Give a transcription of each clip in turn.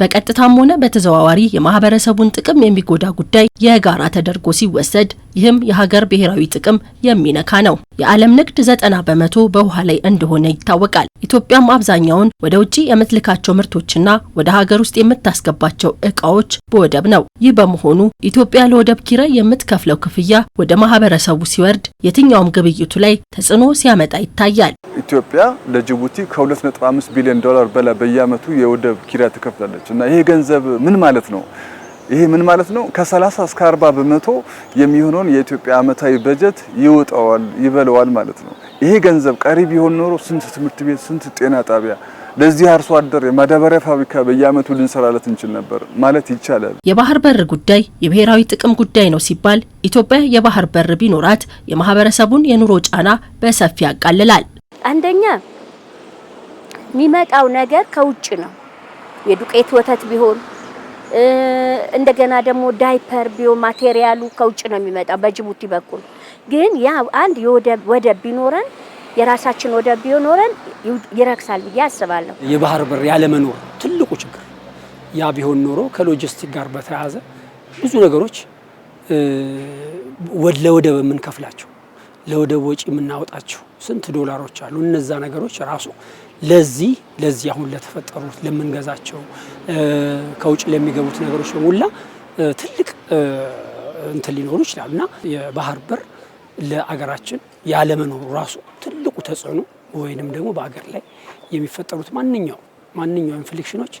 በቀጥታም ሆነ በተዘዋዋሪ የማህበረሰቡን ጥቅም የሚጎዳ ጉዳይ የጋራ ተደርጎ ሲወሰድ ይህም የሀገር ብሔራዊ ጥቅም የሚነካ ነው። የዓለም ንግድ ዘጠና በመቶ በውሃ ላይ እንደሆነ ይታወቃል። ኢትዮጵያም አብዛኛውን ወደ ውጭ የምትልካቸው ምርቶችና ወደ ሀገር ውስጥ የምታስገባቸው እቃዎች በወደብ ነው። ይህ በመሆኑ ኢትዮጵያ ለወደብ ኪራይ የምትከፍለው ክፍያ ወደ ማህበረሰቡ ሲወርድ የትኛውም ግብይቱ ላይ ተጽዕኖ ሲያመጣ ይታያል። ኢትዮጵያ ለጅቡቲ ከ2.5 ቢሊዮን ዶላር በላይ በየዓመቱ የወደብ ኪራይ ትከፍላለች እና ይሄ ገንዘብ ምን ማለት ነው? ይሄ ምን ማለት ነው? ከ30 እስከ 40 በመቶ የሚሆነውን የኢትዮጵያ ዓመታዊ በጀት ይውጠዋል፣ ይበለዋል ማለት ነው። ይሄ ገንዘብ ቀሪ ቢሆን ኖሮ ስንት ትምህርት ቤት፣ ስንት ጤና ጣቢያ ለዚህ አርሶ አደር የማዳበሪያ ፋብሪካ በየዓመቱ ልንሰራለት እንችል ነበር ማለት ይቻላል። የባህር በር ጉዳይ የብሔራዊ ጥቅም ጉዳይ ነው ሲባል ኢትዮጵያ የባህር በር ቢኖራት የማህበረሰቡን የኑሮ ጫና በሰፊ ያቃልላል። አንደኛ የሚመጣው ነገር ከውጭ ነው። የዱቄት ወተት ቢሆን እንደገና ደግሞ ዳይፐር ቢሆን ማቴሪያሉ ከውጭ ነው የሚመጣው በጅቡቲ በኩል ግን ያ አንድ ወደብ ቢኖረን የራሳችን ወደብ ቢኖረን ይረክሳል ብዬ አስባለሁ። የባህር በር ያለመኖር ትልቁ ችግር ያ ቢሆን ኖሮ ከሎጂስቲክ ጋር በተያያዘ ብዙ ነገሮች ለወደብ የምንከፍላቸው ለወደብ ወጪ የምናወጣቸው ስንት ዶላሮች አሉ። እነዛ ነገሮች ራሱ ለዚህ ለዚህ አሁን ለተፈጠሩት ለምንገዛቸው ከውጭ ለሚገቡት ነገሮች በሙላ ትልቅ እንትን ሊኖሩ ይችላሉ። እና የባህር በር ለአገራችን ያለመኖሩ ራሱ ትልቁ ተጽዕኖ ወይንም ደግሞ በአገር ላይ የሚፈጠሩት ማንኛው ማንኛው ኢንፍሌክሽኖች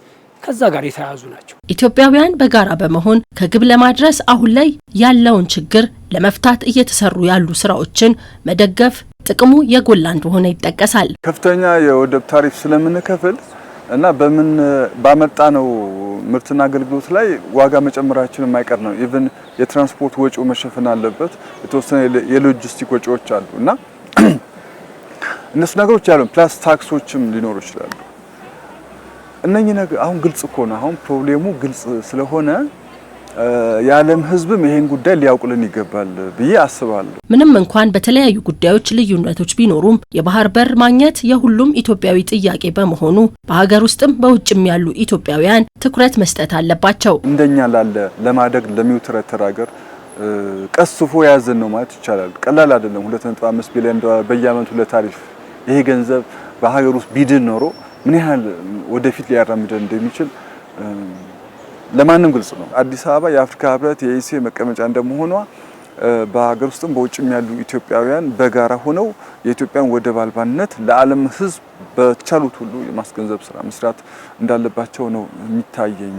ከዛ ጋር የተያያዙ ናቸው። ኢትዮጵያውያን በጋራ በመሆን ከግብ ለማድረስ አሁን ላይ ያለውን ችግር ለመፍታት እየተሰሩ ያሉ ስራዎችን መደገፍ ጥቅሙ የጎላ እንደሆነ ይጠቀሳል። ከፍተኛ የወደብ ታሪፍ ስለምንከፍል እና በምን ባመጣ ነው ምርትና አገልግሎት ላይ ዋጋ መጨመራችን የማይቀር ነው። ኢቭን የትራንስፖርት ወጪው መሸፈን አለበት። የተወሰነ የሎጂስቲክ ወጪዎች አሉ እና እነሱ ነገሮች ያሉን ፕላስ ታክሶችም ሊኖሩ ይችላሉ። እነኚህ ነገር አሁን ግልጽ እኮ ነው። አሁን ፕሮብሌሙ ግልጽ ስለሆነ የዓለም ሕዝብም ይሄን ጉዳይ ሊያውቅልን ይገባል ብዬ አስባለሁ። ምንም እንኳን በተለያዩ ጉዳዮች ልዩነቶች ቢኖሩም የባህር በር ማግኘት የሁሉም ኢትዮጵያዊ ጥያቄ በመሆኑ በሀገር ውስጥም በውጭም ያሉ ኢትዮጵያውያን ትኩረት መስጠት አለባቸው። እንደኛ ላለ ለማደግ ለሚውትረተር ሀገር ቀስፎ የያዘን ነው ማለት ይቻላል። ቀላል አይደለም። 2.5 ቢሊዮን ዶላር በየዓመቱ ለታሪፍ ይሄ ገንዘብ በሀገር ውስጥ ቢድን ኖሮ ምን ያህል ወደፊት ሊያራምደን እንደሚችል ለማንም ግልጽ ነው። አዲስ አበባ የአፍሪካ ህብረት የኢሲኤ መቀመጫ እንደመሆኗ በሀገር ውስጥም በውጭም ያሉ ኢትዮጵያውያን በጋራ ሆነው የኢትዮጵያን ወደብ አልባነት ለዓለም ህዝብ በቻሉት ሁሉ የማስገንዘብ ስራ መስራት እንዳለባቸው ነው የሚታየኝ።